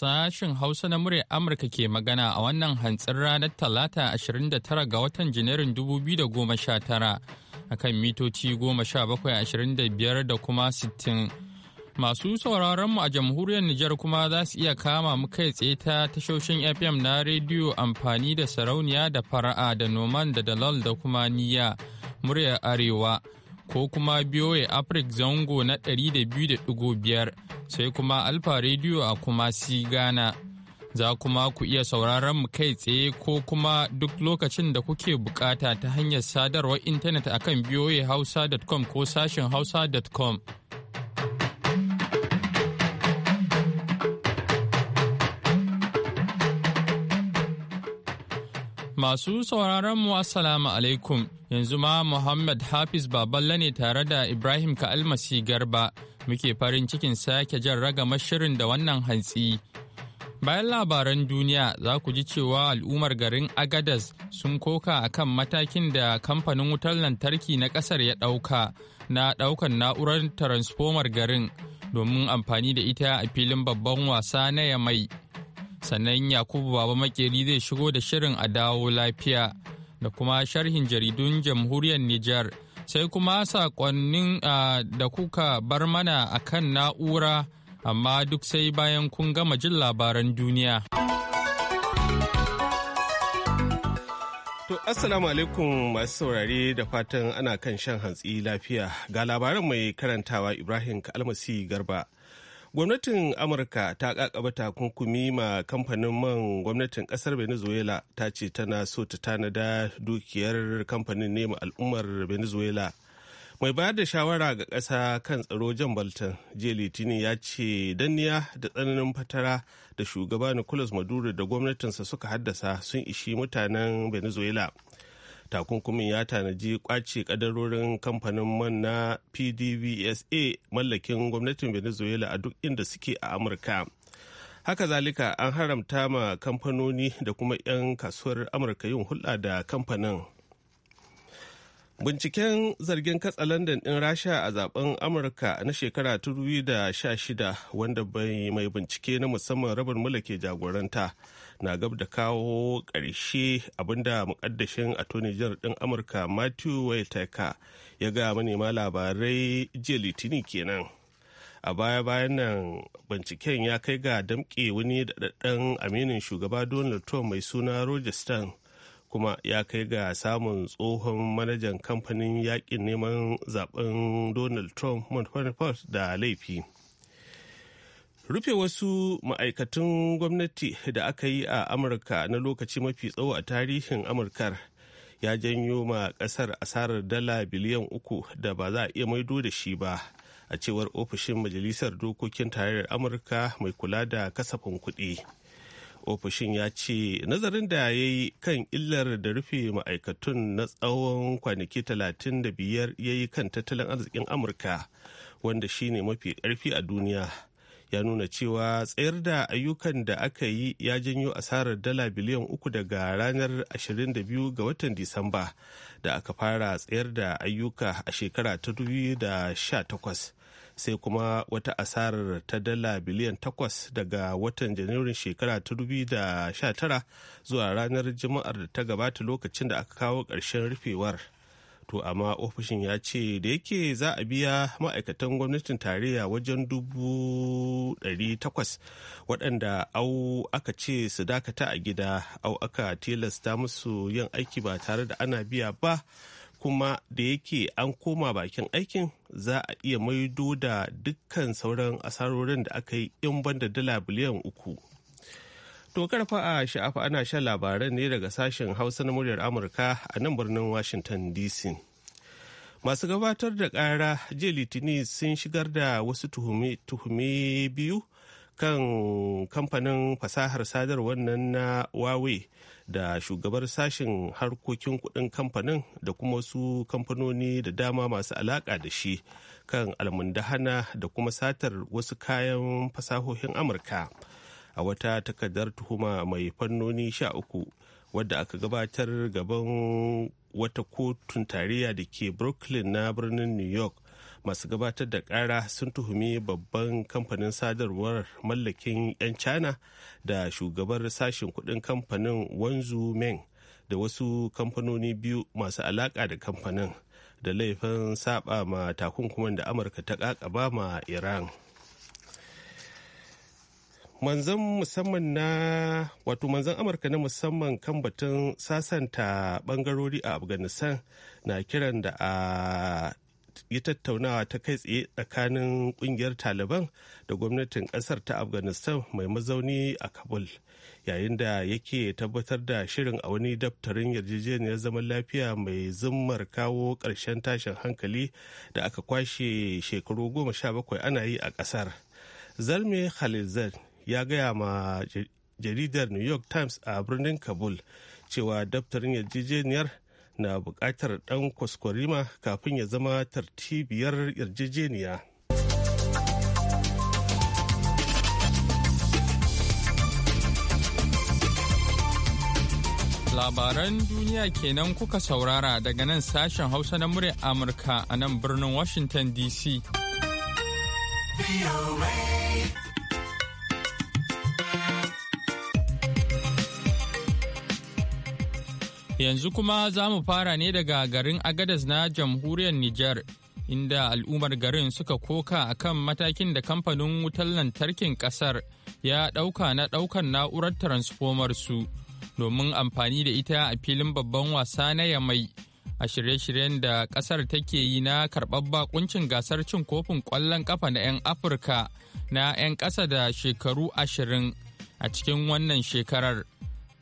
sashen Hausa na murya Amurka ke magana a wannan hantsin ranar Talata 29 ga watan Janairun 2019 a kan mitoci 1725 da kuma 60. Masu mu a jamhuriyar Nijar kuma za su iya kama mu kai tsaye ta tashoshin FM na rediyo amfani da sarauniya da fara'a da noman da dalal da kuma niyya muryar arewa. ko kuma BOA afrik zango na 200.5 sai kuma Alfa Radio a kuma si Ghana. Za kuma ku iya sauraron mu kai tsaye ko kuma duk lokacin da kuke bukata ta hanyar sadarwar intanet akan hausa.com ko sashen hausa.com. Masu sauraron mu Assalamu alaikum. yanzu ma Muhammad Hafiz Baballe ne tare da Ibrahim Ka'almasi Garba muke farin cikin sake jan ragama shirin da wannan hantsi. Bayan labaran duniya za ku ji cewa al'ummar garin Agadas sun koka a kan matakin da kamfanin wutar lantarki na ƙasar ya ɗauka na ɗaukar na'urar transformer garin domin amfani da ita a filin babban wasa na Yamai. Sannan Yakubu Baba Makeri zai shigo da shirin a dawo lafiya. da kuma sharhin jaridun jamhuriyar Nijar sai kuma saƙonnin da kuka bar mana a kan na'ura amma duk sai bayan kun gama jin labaran duniya. To Assalamu alaikum masu saurare da fatan ana kan shan hantsi lafiya ga labaran mai karantawa Ibrahim Kalmasi Garba. gwamnatin amurka ta kakaba takunkumi ma kamfanin man gwamnatin kasar venezuela ta ce tana so ta tanada dukiyar kamfanin nema al'ummar venezuela mai bayar da shawara ga ƙasa kan tsaro jan baltan jiya litinin ya ce danniya da tsananin fatara da shugaba nicolas maduro da gwamnatinsa suka haddasa sun ishi mutanen venezuela takunkumin ya tanaji kwace kadarorin kamfanin man na pdvsa mallakin gwamnatin venezuela a duk inda suke a amurka haka zalika an haramta ma kamfanoni da kuma 'yan kasuwar amurka yin hulɗa da kamfanin Binciken zargin katsalandan ɗin Rasha a zaben Amurka na shekara shida wanda bai mai bincike na musamman rabin mula jagoranta na gab da kawo ƙarshe abinda mukaddashin attorney general ɗin Amurka Matthew Waitaka ya ga manema labarai jiya litini kenan. A baya-bayan nan binciken ya kai ga damƙe wani daɗaɗɗen aminin shugaba Donald Trump mai suna Roger kuma ya kai ga samun tsohon manajan kamfanin yakin neman zaben donald trump montparnasse da laifi rufe wasu ma'aikatan gwamnati da aka yi a amurka na lokaci mafi tsawo a tarihin amurkar ya janyo ma kasar asarar dala biliyan uku da ba za a iya maido da shi ba a cewar ofishin majalisar dokokin tarayyar amurka mai kula da kasafin kuɗi. ofishin ya ce nazarin da ya yi kan illar da rufe ma'aikatun na tsawon kwanaki 35 ya yi kan tattalin arzikin amurka wanda shine mafi ƙarfi a duniya ya nuna cewa tsayar da ayyukan da aka yi ya janyo asarar dala biliyan uku daga ranar 22 ga watan disamba da aka fara tsayar da ayyuka a shekara ta 2018 sai kuma wata asarar ta dala biliyan 8 daga watan janairun shekara ta 2019 zuwa ranar juma'ar da ta gabata lokacin da aka kawo ƙarshen rufewar. to amma ofishin ya ce da yake za a biya ma'aikatan gwamnatin tarayya wajen dubu takwas waɗanda au aka ce su dakata a gida au aka tilasta musu yin aiki ba tare da ana biya ba kuma da yake an koma bakin aikin za a iya maido da dukkan sauran asarorin da aka yi in da dala biliyan uku. To karfa a sha'afa ana shan labaran ne daga sashen Hausa na muryar Amurka a nan birnin Washington DC. Masu gabatar da ƙara jiya Litinin sun shigar da wasu tuhume biyu kan kamfanin fasahar sadarwar nan na Huawei da shugabar sashen harkokin kuɗin kamfanin da kuma wasu kamfanoni da dama masu alaƙa da shi kan almundahana da kuma satar wasu kayan fasahohin Amurka. a wata takardar tuhuma mai fannoni sha uku wadda aka gabatar gaban wata kotun tarayya da ke brooklyn na birnin new york masu gabatar da kara sun tuhumi babban kamfanin sadarwar mallakin 'yan china da shugabar sashen kudin kamfanin wanzu meng da wasu kamfanoni biyu masu alaka da kamfanin da laifin saba ma takunkuman da amurka ta kakaba ma iran manzan musamman na wato manzan amurka na musamman kan batun sasanta bangarori a afghanistan na kiran da a yi tattaunawa ta kai tsaye tsakanin kungiyar taliban da gwamnatin kasar ta afghanistan mai mazauni a kabul yayin da yake tabbatar da shirin a wani daftarin yarjejeniyar zaman lafiya mai zummar kawo ƙarshen tashin hankali da aka kwashe shekaru goma sha bakwai ana yi a ƙasar zalme Zain. ya gaya ma jaridar new york times a birnin kabul cewa daftarin yarjejeniyar na bukatar dan kwaskwarima kafin ya zama tartibiyar yarjejeniya labaran duniya kenan kuka saurara daga nan sashen hausa na murya amurka a nan birnin washington dc Yanzu kuma za mu fara ne daga garin Agadas na jamhuriyar Nijar, inda al'ummar garin suka koka a kan matakin da kamfanin wutar lantarkin ƙasar ya ɗauka na ɗaukar na'urar transformer su domin amfani da ita a filin babban wasa na Yamai. A shirye-shiryen da ƙasar take yi na karɓar bakuncin gasar cin kofin ƙwallon ƙafa na 'yan Afirka na 'yan ƙasa da shekaru ashirin a cikin wannan shekarar.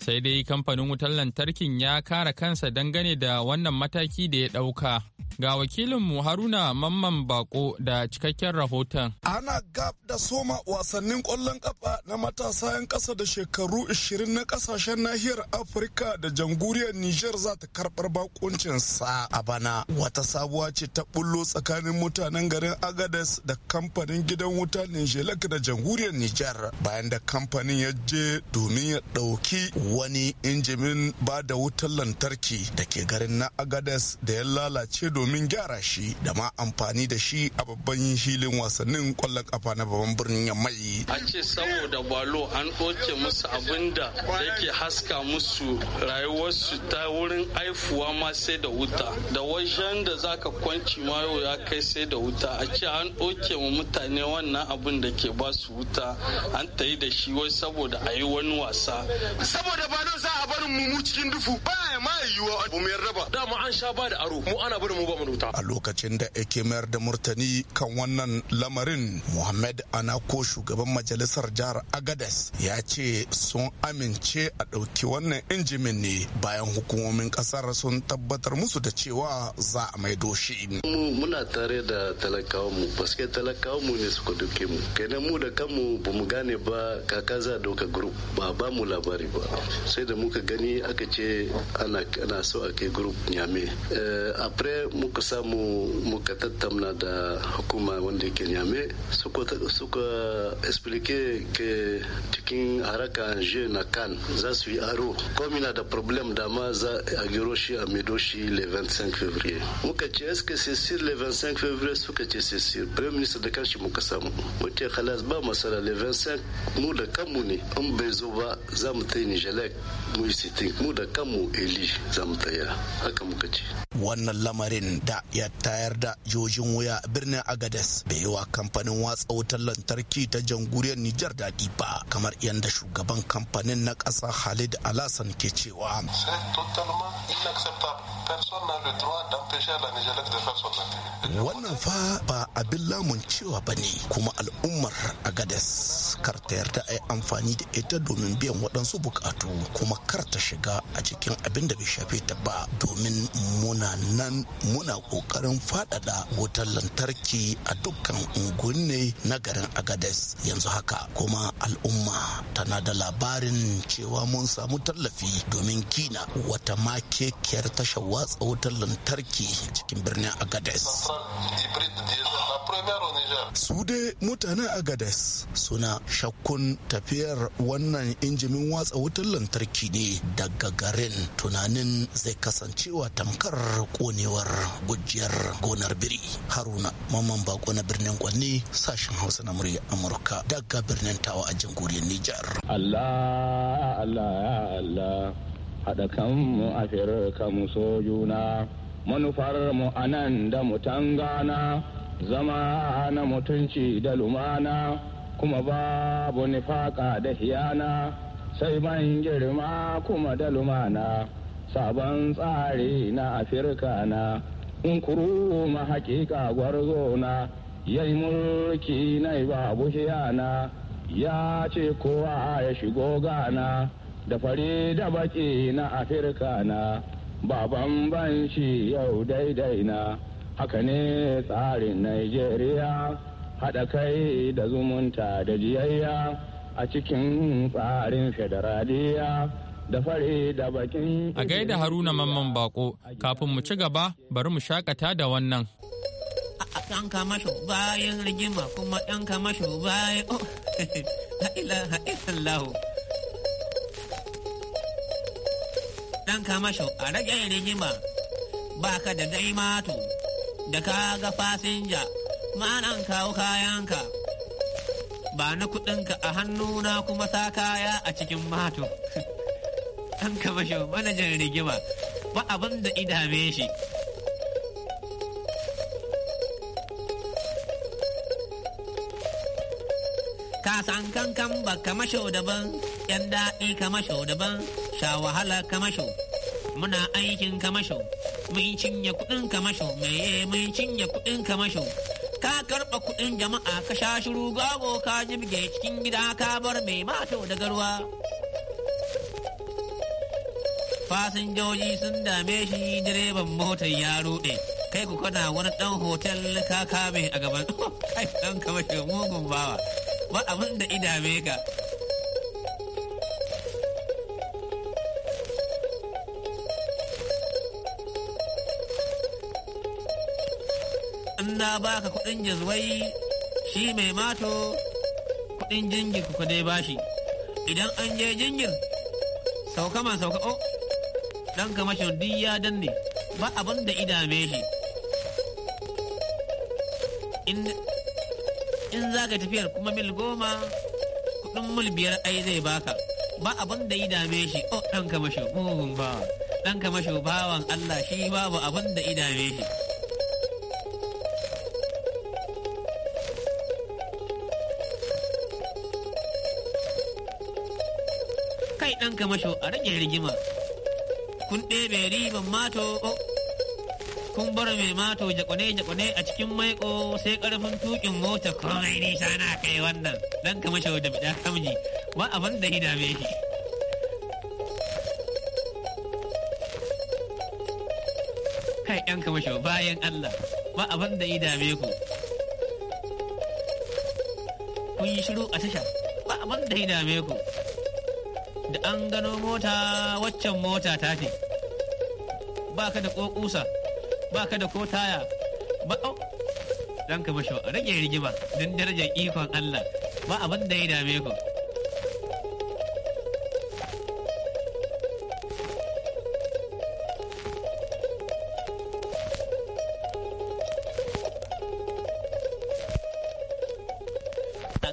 sai dai kamfanin wutar lantarkin ya kara kansa dangane da wannan mataki da ya ɗauka. Ga wakilinmu Haruna Mamman Bako da cikakken rahoton. Ana gab da soma wasannin kwallon ƙafa na matasa 'yan ƙasa da shekaru 20 na ƙasashen nahiyar Afirka da jamhuriyar Nijar za ta karɓar bakuncin a bana. Wata sabuwa ce ta bullo tsakanin mutanen garin Agades da kamfanin gidan wuta Nijelak da jamhuriyar Nijar bayan da kamfanin ya je domin ya ɗauki wani injimin ba da wutar lantarki da ke garin na agadas da ya lalace domin gyara shi da ma amfani da shi a babban hilin wasannin kwallon kafa na babban birnin yammai an ce saboda balo an ɗoke musu abin da yake haska musu rayuwarsu ta wurin aifuwa ma sai da wuta da wajen da ka kwanci ma ya kai sai da wuta a ce an ɗoke wa mutane wannan abin da ke ba su wuta an ta da shi wai saboda a yi wani wasa da ba nan za a barin mu mu cikin dufu ba ya ma yiwa ba mu yarda ba dama an sha ba da aro mu ana barin mu ba mu a lokacin da ake mayar da murtani kan wannan lamarin muhammad anako shugaban majalisar jihar agadas ya ce sun amince a ɗauki wannan injimin ne bayan hukumomin ƙasar sun tabbatar musu da cewa za a maido shi muna tare da talakawan mu baske talakawan mu ne suka duke mu kenan mu da kanmu ba mu gane ba kaka za doka group ba ba mu labari ba sai da muka gani aka ce ana so a kai group nyame eh, après muka samu muka tattauna da hukuma wanda ke nyame suka explique ke cikin haraka je na kan za su yi aro na da problem ma za a giro shi a medo shi le 25 février muka ce est-ce que c'est sur le 25 février suka ce c'est sur premier ministre da kanshi muka samu muke khalas ba masala le 25 mu da kanmu ne in bai zo ba za mu ta yi nijar elect mun yi sitin mu da kanmu eli zamtaya haka muka ce wannan lamarin da ya tayar da jojin wuya birnin agades bai yi wa kamfanin watsa wutar lantarki ta jamhuriyar nijar daɗi ba kamar yadda shugaban kamfanin na ƙasa halid alasan ke cewa wannan fa ba abin lamun cewa ba ne kuma al'ummar agades kar ta yarda a yi amfani da ita domin biyan waɗansu bukatu wato kuma kar ta shiga a cikin abin da bai shafe ta ba domin muna nan muna kokarin faɗaɗa wutar lantarki a dukkan unguwanni na garin agades yanzu haka kuma al'umma tana da labarin cewa mun samu tallafi domin gina wata makekiyar tashar watsa wutar lantarki cikin birnin agades su dai mutanen agades suna shakkun tafiyar wannan injimin watsa wutar lantarki ne daga garin tunanin zai kasancewa tamkar konewar gujiyar gonar biri haruna mamman bako na birnin kwanne sashen hausa na murya amurka daga birnin tawa a jamhuriyar nijar allah allah ya allah haɗa a kanmu so juna manufar mu anan da mutan gana zama na mutunci da lumana kuma babu nifaka da hiyana sai ban girma kuma da lumana sabon tsari na afirka na ma hakika gwarzo na yi mulki na babu na ya ce kowa ya shigo gana da fari da baki na afirka na ba shi yau daidai na haka ne tsarin nigeria haɗa kai da zumunta da jiyayya a cikin tsarin federaliya da fare da bakin. A gaida Haruna Mamman Bako, kafin mu ci gaba bari mu shakata da wannan. An kama shi bayan rigima kuma an kama shi bayan oh, ha'ila ha'ilallahu. dan kama shi a rage rigima ba ka da daimatu da ka ga fasinja ma nan kawo kayanka. ba na kuɗinka a hannuna kuma sa kaya a cikin mato an kama shi manajan rigima ba abin da idame shi ka san kankan ba kama masho daban yan daɗi kama masho daban sha wahala kama masho. muna aikin kama masho. mun cinye kuɗin kama mai mun cinye kuɗin kama ka karɓa kuɗin jama'a ka sha shiru gago ka jibge cikin gida ka bar mai mato da garwa fasinjoji sun dame shi direban motar ya ruɗe kai ku kana wani ɗan hotel ka kame a gaban kai ɗan kamashin mugun bawa ba abin da idame ka in na baka kuɗin jazwai shi mai mato kuɗin jingir ku dai bashi idan an je jingir sauka man sauka o oh, ɗan kamashin duk ya danne ba abin da idame shi in za ka tafiyar kuma mil goma kuɗin mil biyar ai zai baka ba abin da idame shi o oh, ɗan kamashin mugun mm, ba ɗan kamashin bawan Allah shi babu abin da idame shi. kai ɗan kamasho a rage rigima kun ɗebe riban mato oh. kun bar mai mato jakwane-jakwane a cikin maiko sai ƙarfin tukin mota komai nisa na kai wannan ɗan kamasho da bida kamji ba abin da ya dame shi kai ɗan kamasho bayan Allah ba abin da ya dame ku kun yi shiru a tasha ba abin da ya dame ku da an gano mota waccan mota ta ce ba ka da kokusa ba ka da ko taya ba au dan ka mashi rage rigima don darajar ikon Allah ba abin da ya dame ku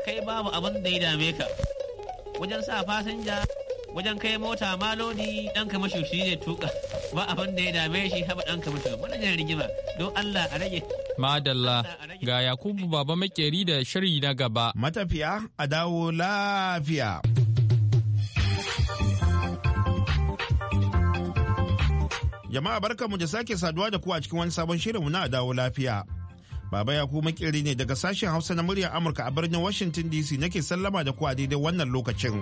kai babu abin da ya dame ka wajen sa fasinja wajen kai mota ma lodi dan ka shi ne tuka ba abin da ya dame shi haba dan kamasho wannan ne rigima don Allah a rage madalla ga Yakubu baba makeri da shiri na gaba matafiya a dawo lafiya jama'a barkanmu da sake saduwa da ku a cikin wani sabon shirinmu na dawo lafiya Baba Yakubu makiri ne daga sashen Hausa na muryar Amurka a birnin Washington DC nake sallama da ku a daidai wannan lokacin.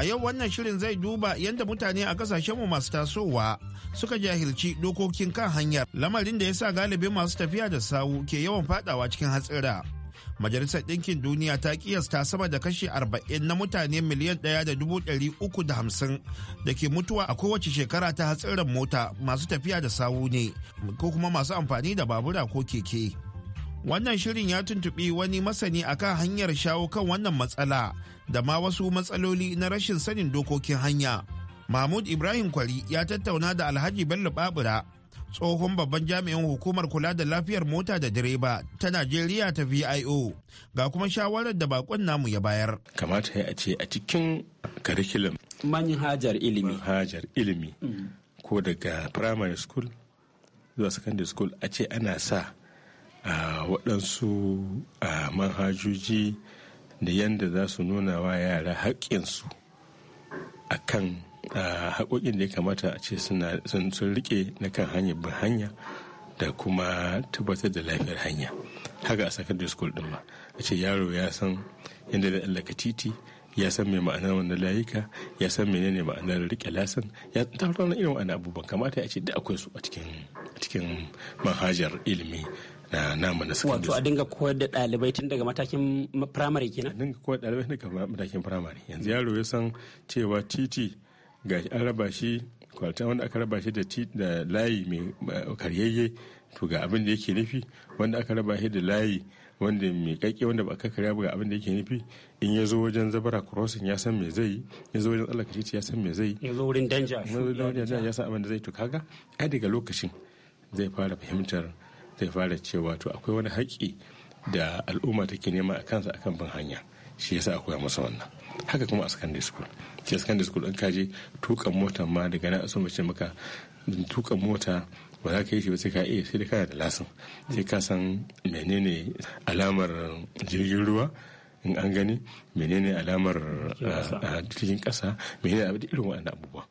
A yau wannan shirin zai duba yadda mutane a kasashenmu masu tasowa suka jahilci dokokin kan hanyar lamarin da ya sa galibin masu tafiya da sawu ke yawan fadawa cikin hatsira. Majalisar Ɗinkin Duniya ta kiyasta sama da kashi 40 na mutane miliyan 1,350 da ke mutuwa a kowace shekara ta hatsiran mota masu tafiya da sawu ne ko kuma masu amfani da babura ko keke. Wannan shirin ya tuntubi wani masani akan hanyar shawo kan wannan matsala da ma wasu matsaloli na rashin sanin dokokin hanya. Mahmud Ibrahim Kwari ya tattauna da Alhaji Bello Babura, tsohon babban jami'in hukumar kula da lafiyar mota da direba ta Najeriya ta VIO, ga kuma shawarar da bakon namu ya bayar. Kamata ya ce a cikin curriculum. hajar ilimi. hajar ilimi. Mm. Ko daga primary school zuwa secondary school a ce ana sa ah, waɗansu ah, manhajoji. da yadda za su nuna wa yara haƙƙinsu a kan haƙoƙin da ya kamata a ce sun rike na kan hanyar bin hanya da kuma tabbatar da lafiyar hanya haka a sakar school ɗin ma a ce yaro ya san yadda da allaka titi ya san mai ma'anar wannan layuka ya san menene ma'anar rike lasan ya tattauna irin wani abubuwan kamata ya ce da akwai su a cikin manhajar ilimi na namu na sakandare wato a dinga koyar da ɗalibai tun daga matakin firamare kenan dinga koyar da ɗalibai tun daga matakin firamare yanzu yaro ya san cewa titi ga an raba shi kwalta wanda aka raba shi da layi mai eh, karyayye to ga abin da yake nufi wanda aka raba shi da layi wanda mai kakke wanda ba karya ba ga abin da yake nufi in ya zo wajen zabara crossing ya san me zai yi ya zo wajen tsallaka titi ya san me zai yi ya zo wurin danja ya san abin da zai to kaga ai daga lokacin zai fara fahimtar zai fara cewa to akwai wani haƙƙi da al'umma take nema a kansa akan bin hanya shi yasa akwai masa wannan haka kuma a secondary school ke secondary school in ka je tukan mota ma daga nan asuma ce maka tukan mota ba za ka yi shi ba sai ka iya sai da kana da lasin sai ka san menene alamar jirgin ruwa in an gani menene alamar cikin kasa ah, ah, menene abin irin waɗannan abubuwa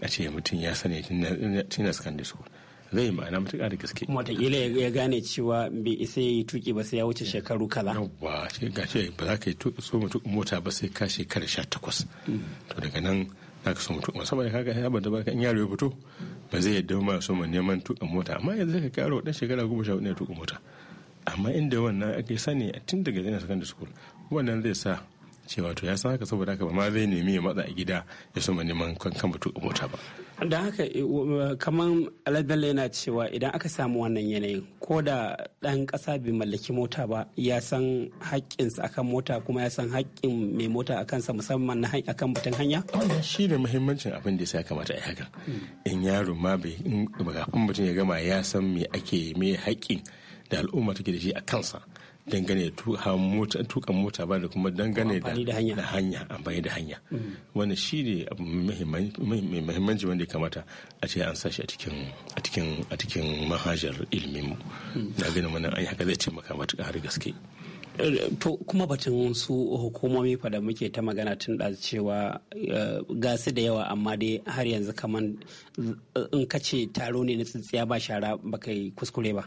a ce mutum ya sani tun na secondary school zai ma'ana matuƙa da gaske wataƙila ya gane cewa bai isa ya yi tuƙi ba sai ya wuce shekaru kaza yawwa shi ga shi ba za ka yi so mutuƙin mota ba sai ka shekara sha takwas to daga nan za ka so mutuƙin saboda kaga ya banta ba in yaro ya fito ba zai yadda ma so neman tuƙa mota amma yanzu zai ka yaro ɗan shekara goma sha hudu ne tuƙa mota amma inda wannan ake sani tun daga jami'ar sakandare school wannan zai sa ce wato ya san saboda haka ba ma zai nemi ya matsa a gida ya soma neman kan mutu a mota ba da haka eh, kamar alabella yana cewa idan aka samu wannan yanayin ko da ɗan ƙasa bai mallaki mota ba ya san haƙƙinsa akan mota kuma ya san haƙƙin mai mota a kansa musamman na akan batun hanya shi ne muhimmancin abin da ya kamata a haka hmm. in yaro ma bai kafin mutum ya gama ya san me ake me haƙƙin da al'umma take da shi a kansa dangane da tukan mota ba da kuma dangane da hanya amfani da hanya mm. wanda shi ne muhimmanci wanda ya kamata a ce an sashi a cikin mahajar ilimin mm. na ganin wannan an haka zai ce maka matuƙa har gaske eh, to kuma batun su hukumomi fa da muke ta magana tun da cewa eh, gasu da yawa amma dai har yanzu kaman eh, in ka ce taro ne na tsintsiya ba shara ba kai kuskure ba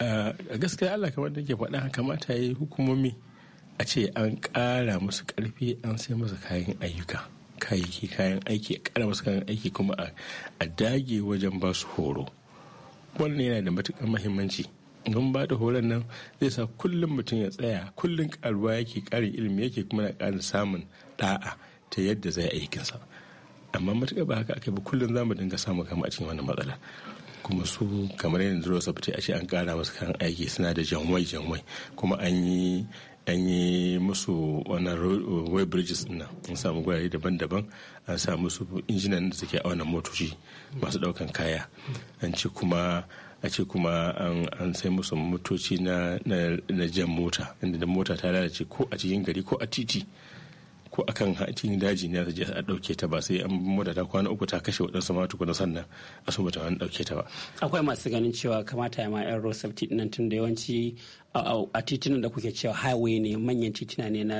Eh, gaskiya allah kamar da ke faɗa kamata ya yi hukumomi a ce an ƙara musu ƙarfi an sai musu kayan ayyuka kayayyaki kayan aiki a ƙara musu kayan aiki kuma a dage wajen ba su horo wannan yana da matuƙar mahimmanci don ba da horon nan zai sa kullum mutum ya tsaya kullum ƙaruwa yake ƙarin ilimi yake kuma na ƙarin samun ɗa'a ta yadda zai aikinsa amma matuƙar ba haka aka bi kullum za mu dinga samu kama a cikin wannan matsala kuma su kamar yanzu da wasu a ce an kara masu kan aiki suna da janwai janwai kuma an yi an yi musu wannan way bridges nan an samu gurare daban-daban an samu su injinan da suke wannan motoci masu daukan kaya an ce kuma a ce kuma an sai musu motoci na jan mota inda da mota ta lalace ko a cikin gari ko a titi ko akan cikin daji ne je a dauke ta ba sai an mada ta kwana uku ta kashe waɗansu ma tukuna sannan a so mutum an dauke ta ba akwai masu ganin cewa kamata ya ma yan road tun da yawanci a titunan da kuke cewa highway ne manyan tituna ne na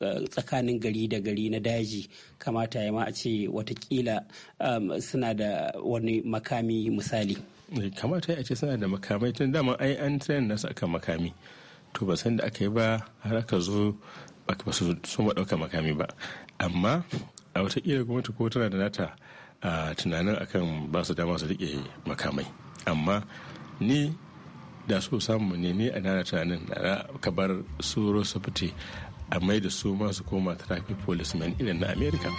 eh, tsakanin gari da gari na daji kamata ya ma a ce watakila um, suna da wani makami misali eh, kamata ya ce suna da makamai tun dama ai an tsayan nasu akan makami to ba san da aka yi ba har aka zo ba su soma ɗauka makami ba amma a watakila gwamnati ko tana da nata a tunanin akan ba su dama su rike makamai amma ni da so samu ne ni a nana tunanin da ka bar su rosa fiti a mai da su masu koma traffic policemen irin na america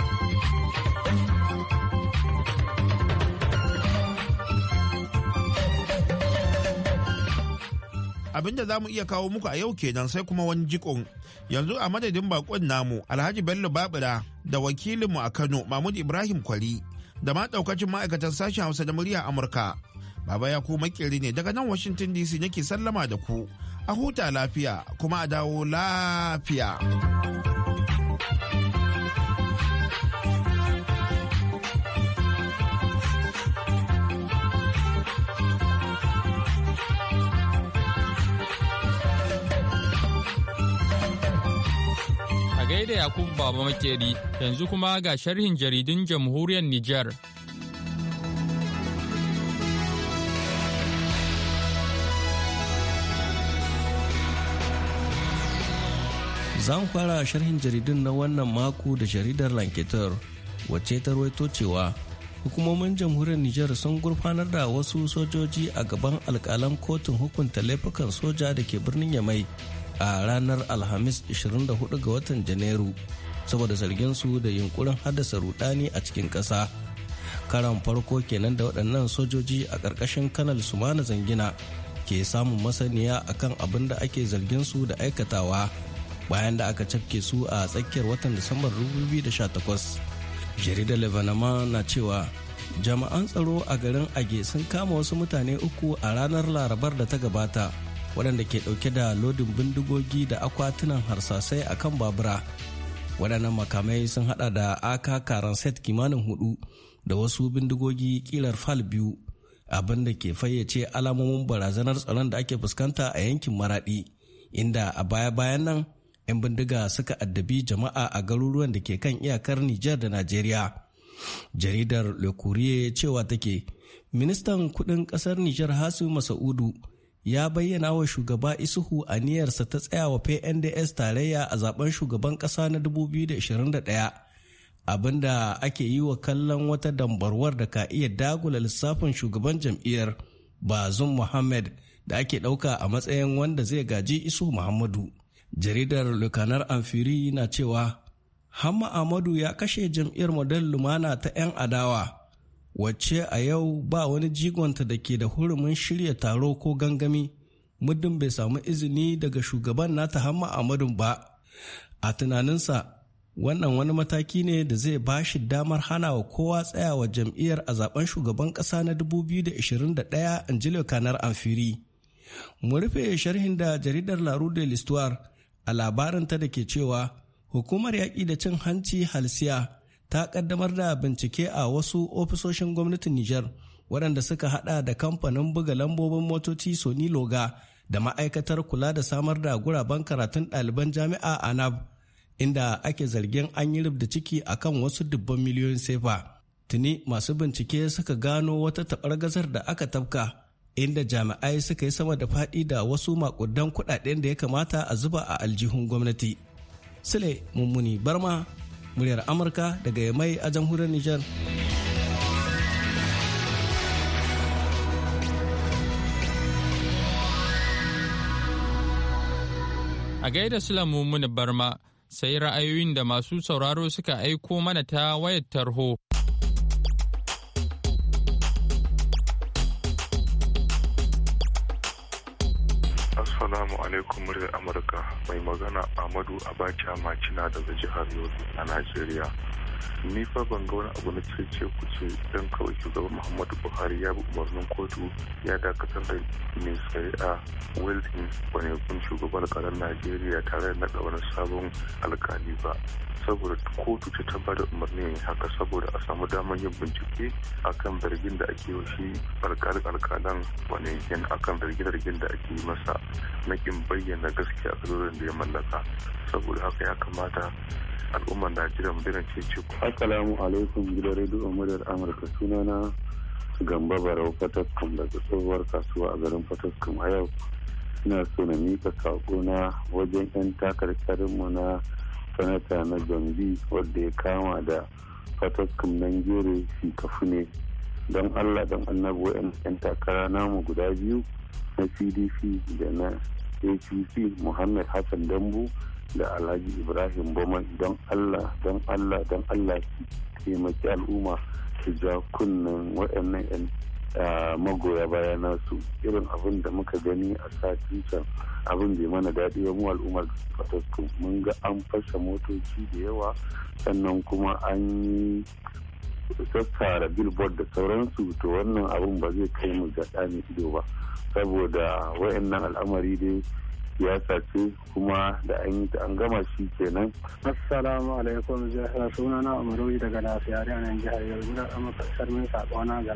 abinda za mu iya kawo muku a yau kenan sai kuma wani jikon yanzu a madadin bakon namu alhaji bello babura da wakilinmu a kano mahmud ibrahim kwali da ma daukacin ma'aikatan sashen hausa da murya amurka baba ya ku Kiri ne daga nan washington dc nake sallama da ku a huta lafiya kuma a dawo lafiya da Yakubu Baba Makeri yanzu kuma ga sharhin jaridun jamhuriyar Nijar. Zan fara sharhin jaridun na wannan mako da jaridar Lanketar wacce ta ruwaito cewa hukumomin jamhuriyar Nijar sun gurfanar da wasu sojoji a gaban alkalan kotun hukunta laifukan soja da ke birnin Yamai a ranar alhamis 24 ga watan janairu saboda zargin su da yunkurin haddasa rudani a cikin ƙasa karan farko kenan da waɗannan sojoji a ƙarƙashin kanal sumana zangina ke samun masaniya akan abin da ake zargin su da aikatawa bayan da aka cafke su a tsakiyar watan disambar 2018 jaridar lebanon na cewa jama'an tsaro a garin age sun kama wasu mutane uku a ranar larabar da ta gabata waɗanda ke ɗauke da lodin bindigogi da akwatunan harsasai a kan babura waɗannan makamai sun hada da aka karan set kimanin hudu da wasu bindigogi kilar fal biyu abin da ke fayyace alamomin barazanar tsaron da ake fuskanta a yankin maraɗi. inda a baya-bayan nan 'yan bindiga suka addabi jama'a a garuruwan da ke kan iyakar Nijar da Najeriya. Jaridar Le cewa take, Ministan kudin kasar Nijar Hasu Masa'udu ya bayyana wa shugaba Isuhu a niyyarsa ta tsayawa PNDS tarayya a zaben shugaban ƙasa na 2021 abinda ake yi wa kallon wata dambarwar da ka iya dagula lissafin shugaban jam'iyyar Bazum Muhammad da ake ɗauka a matsayin wanda zai gaji Isuhu Muhammadu. Jaridar Lukanar Amfiri na cewa Hamma Amadu ya kashe jam'iyyar Model Lumana ta 'yan adawa. wacce a yau ba wani jigonta da ke da hurumin shirya taro ko gangami muddin bai samu izini daga shugaban nata hamma amadu ba a tunaninsa wannan wani mataki ne da zai ba shi damar hana wa kowa tsayawa jam'iyyar a zaben shugaban ƙasa na 2021 angelo kanar amfiri mu rufe sharhin da jaridar laru de l'histoire a labarinta da ke cewa hukumar yaƙi da cin hanci halsiya ta kaddamar da bincike a wasu ofisoshin gwamnatin Nijar waɗanda suka hada da kamfanin buga lambobin motoci Sony Loga da ma'aikatar kula da samar da guraben karatun ɗaliban jami'a a NAB inda ake zargin an yi rubda ciki akan wasu dubban miliyoyin sefa. Tuni masu bincike suka gano wata taɓar gazar da aka tafka inda jami'ai suka yi sama da faɗi da wasu makudan kuɗaɗen da ya kamata a zuba a aljihun gwamnati. Sule Mummuni Barma muryar amurka daga yamai a jamhuriyar nijar a gaida sulamu muni barma sai ra'ayoyin da masu sauraro suka aiko mana ta wayar tarho alaikum muryar Amurka mai magana Amadu Abacha Macina daga jihar Yobe a Najeriya. ni fa ban ga wani abu na cece ku ce dan kawai shugaban muhammadu buhari ya bi umarnin kotu ya dakatar da mai shari'a wilton wani kun shugaban karan najeriya tare da naɗa wani sabon alkali ba saboda kotu ta da umarni haka saboda a samu damar yin bincike akan birgin da ake yi shi alƙalin alƙalan wani yan akan birgin da ake yi masa na kin bayyana gaskiya a da ya mallaka saboda haka ya kamata al'ummar najeriya mu dina ce ce Assalamu alaikum gidan rediyo muryar Amurka sunana gamba barau fataskum daga tsohuwar kasuwa a garin fataskum a yau ina so na mika sako na wajen 'yan takarkarinmu na sanata na gombe wadda ya kama da fataskum nan jere kafu ne don allah don annabu 'yan takara namu guda biyu na cdc da na apc muhammad hassan dambu da alhaji ibrahim boma don allah don allah don allah taimaki al'umma su ja kunnen waɗannan 'yan magoya baya nasu irin abin da muka gani a satin can abin da mana daɗi ba mu al'ummar fatattu mun ga an fasha motoci da yawa sannan kuma an yi sassara billboard da sauransu to wannan abin ba zai kai mu ga ɗani ido ba saboda wa'annan al'amari dai siyasa ce kuma da an yi an gama shi kenan. Assalamu alaikum jihar sunana Umaru daga lafiyari a nan jihar yanzu da kama kasar sakona ga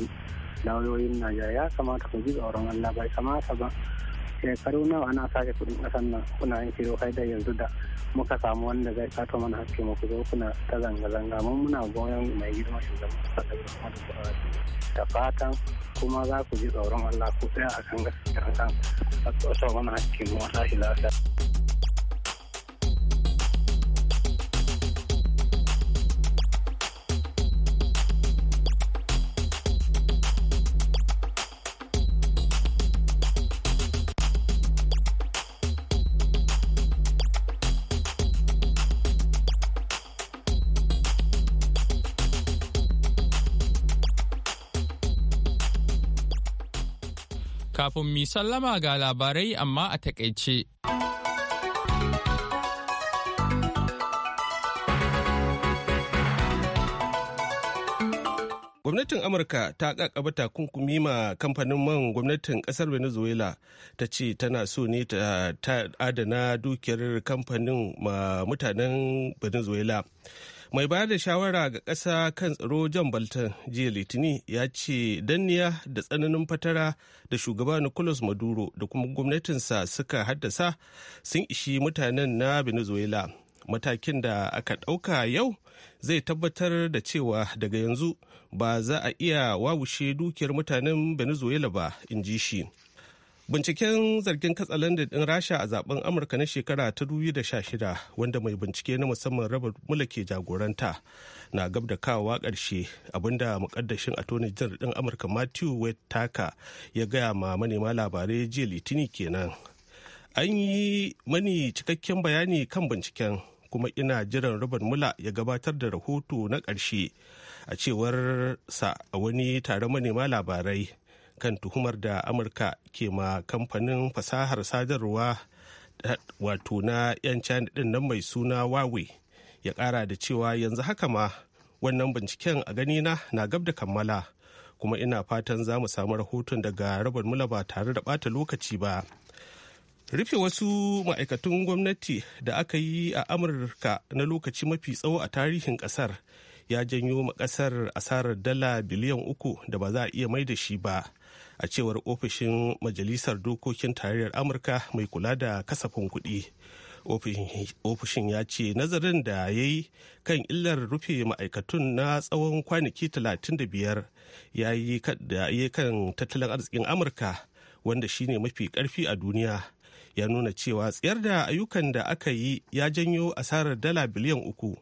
lauyoyin Najeriya ya kamata ku ji tsoron Allah bai kamata ba shekaru nawa ana sake kudin kasan nan kuna yin shiro kai da yanzu da muka samu wanda zai kato mana haske mu ku zo kuna ta zanga-zanga mun muna goyon mai girma shugaban kasa da Muhammadu da fatan kuma za ku ji tsoron Allah ku tsaya a kan gaskiya kan a tsoron mana haske mu wata lafiya. kafin mi sallama ga labarai amma a takaice. gwamnatin amurka ta kakaba takunkumi ma kamfanin man gwamnatin kasar venezuela ta ce tana so ne ta adana dukiyar kamfanin ma mutanen venezuela mai bayar da shawara ga ƙasa kan tsaro jan bolton jiya litini ya ce danniya da tsananin fatara da shugaba nicolas maduro da kuma gwamnatinsa suka haddasa sun ishi mutanen na venezuela matakin da aka ɗauka yau zai tabbatar da cewa daga yanzu ba za a iya wawushe dukiyar mutanen venezuela ba in ji shi Binciken zargin katsalandin ɗin Rasha a zaben Amurka na shekara ta 2016 wanda mai bincike na musamman Robert mula ke jagoranta na gab da kawowa ƙarshe abinda mukaddashin attorney general ɗin Amurka Matthew Whitaker ya gaya ma manema labarai jiya Litini kenan. An yi mani cikakken bayani kan binciken kuma ina jiran Robert mula ya gabatar da rahoto na ƙarshe a cewar sa a wani taron manema labarai. kan tuhumar da amurka ke ma kamfanin fasahar sadarwa eh, wato na 'yan china din nan mai suna huawei ya kara da cewa yanzu haka ma wannan binciken a ganina na gab da kammala kuma ina fatan za mu samu rahoton daga rabar mula ba tare da bata lokaci ba rufe wasu ma'aikatun gwamnati da aka yi a amurka na lokaci mafi tsawo a tarihin kasar ya janyo ma kasar asarar dala biliyan uku da ba za a iya mai da shi ba a cewar ofishin majalisar dokokin tarayyar amurka mai kula da kasafin kuɗi ofishin ya ce nazarin da ya yi kan illar rufe ma'aikatun na tsawon kwanaki 35 ya yi kan tattalin arzikin amurka wanda shine mafi karfi a duniya ya nuna cewa tsayar da ayyukan da aka yi ya janyo asarar dala biliyan uku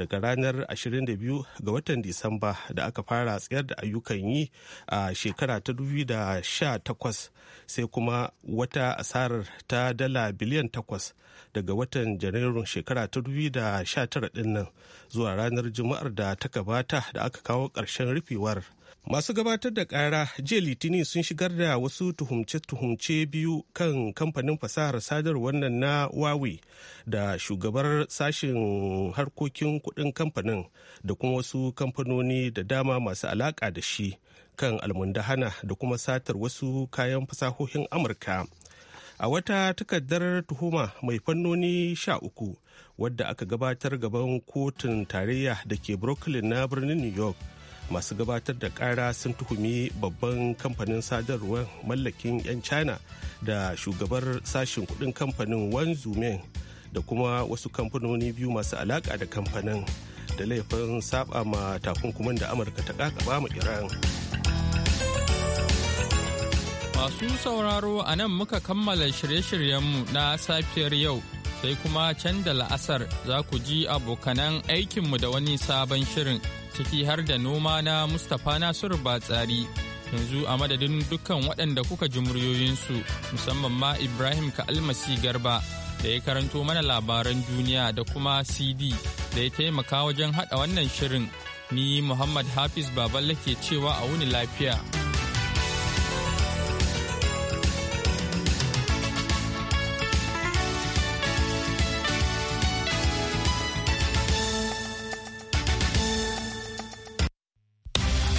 daga ranar 22 ga watan Disamba da aka fara tsayar da ayyukan yi a shekara ta 2018 sai kuma wata asarar ta dala biliyan 8 daga watan Janairun shekara ta 2019 nan zuwa ranar Juma'ar da ta gabata da aka kawo ƙarshen rufewar. Masu gabatar da ƙara jiya Litinin sun shigar da wasu tuhumce-tuhumce biyu kan kamfanin fasahar sadarwar nan na Huawei da shugabar sashen harkokin kuɗin kamfanin da kuma wasu kamfanoni da dama masu alaƙa da shi kan almundahana da kuma satar wasu kayan fasahohin Amurka. A wata takardar tuhuma mai fannoni sha uku wadda aka gabatar gaban kotun tarayya da ke Brooklyn na birnin New York. masu gabatar da kara sun tuhumi babban kamfanin sadarwar mallakin 'yan china da shugabar sashen kudin kamfanin wanzumen da kuma wasu kamfanoni biyu masu alaƙa da kamfanin da laifin saba ma takunkuman da amurka ta kakaba ma iran masu sauraro a nan muka kammala shirye-shiryenmu na safiyar yau sai kuma can da la'asar za ku ji abokanan aikinmu da wani sabon shirin ciki har da noma na Mustapha Nasiru Batsari. Yanzu a madadin dukkan waɗanda kuka ji muryoyinsu musamman ma Ibrahim Ka'almasi Garba da ya karanto mana labaran duniya da kuma CD da ya taimaka wajen haɗa wannan shirin. Ni Muhammad Hafiz Baballe ke cewa a wuni lafiya.